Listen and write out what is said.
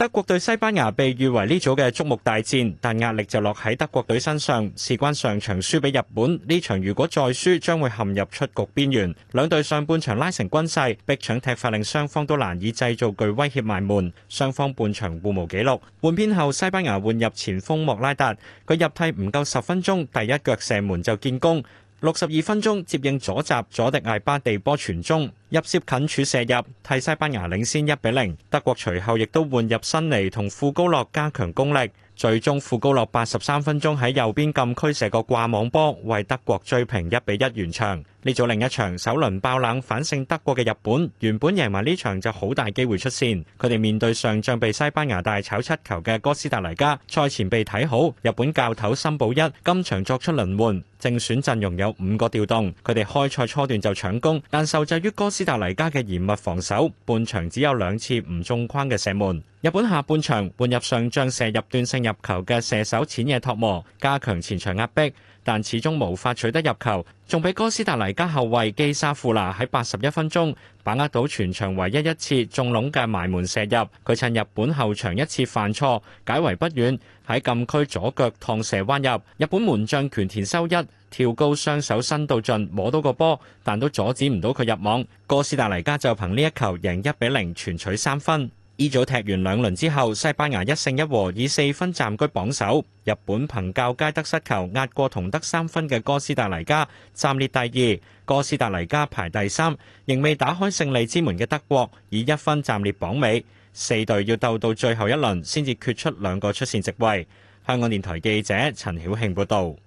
德國對西班牙被譽為呢組嘅矚目大戰，但壓力就落喺德國隊身上，事關上場輸俾日本，呢場如果再輸，將會陷入出局邊緣。兩隊上半場拉成均勢，逼搶踢法令雙方都難以製造具威脅埋門，雙方半場互無紀錄。換邊後，西班牙換入前鋒莫拉達，佢入替唔夠十分鐘，第一腳射門就建功。六十二分鐘接應左閘佐迪艾巴地波傳中。入接近處射入，替西班牙領先一比零。德國隨後亦都換入新尼同富高洛加強攻力，最終富高洛83分鐘喺右邊禁區射個掛網波，為德國追平一比一完場。呢組另一場首輪爆冷反勝德國嘅日本，原本贏埋呢場就好大機會出線。佢哋面對上仗被西班牙大炒七球嘅哥斯達黎加賽前被睇好。日本教頭森保一今場作出輪換，正選陣容有五個調動。佢哋開賽初段就搶攻，但受制於哥斯斯達黎加嘅嚴密防守，半場只有兩次唔中框嘅射門。日本下半場換入上將射入斷性入球嘅射手淺野拓磨加強前場壓迫，但始終無法取得入球，仲俾哥斯達黎加後衛基沙富拿喺八十一分鐘把握到全場唯一一次中籠嘅埋門射入。佢趁日本後場一次犯錯解圍不遠，喺禁區左腳趟射彎入，日本門將權田修一。跳高，雙手伸到盡，摸到個波，但都阻止唔到佢入網。哥斯達黎加就憑呢一球贏一比零，0，全取三分。E 組踢完兩輪之後，西班牙一勝一和，以四分暫居榜首。日本憑較佳得失球壓過同得三分嘅哥斯達黎加，暫列第二。哥斯達黎加排第三，仍未打開勝利之門嘅德國以一分暫列榜尾。四隊要鬥到最後一輪先至決出兩個出線席位。香港電台記者陳曉慶報導。